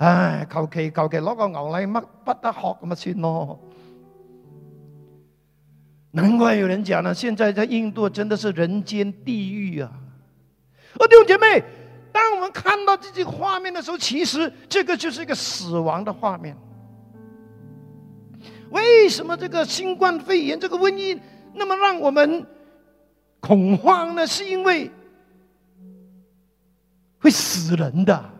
唉，求其求其攞個牛奶不得學咁咪算咯。難怪有人講呢，現在在印度真的是人間地獄啊！而、哦、弟兄姐妹，當我們看到這些畫面的時候，其實這個就是一個死亡的畫面。為什麼這個新冠肺炎這個瘟疫那麼讓我們恐慌呢？是因為會死人的。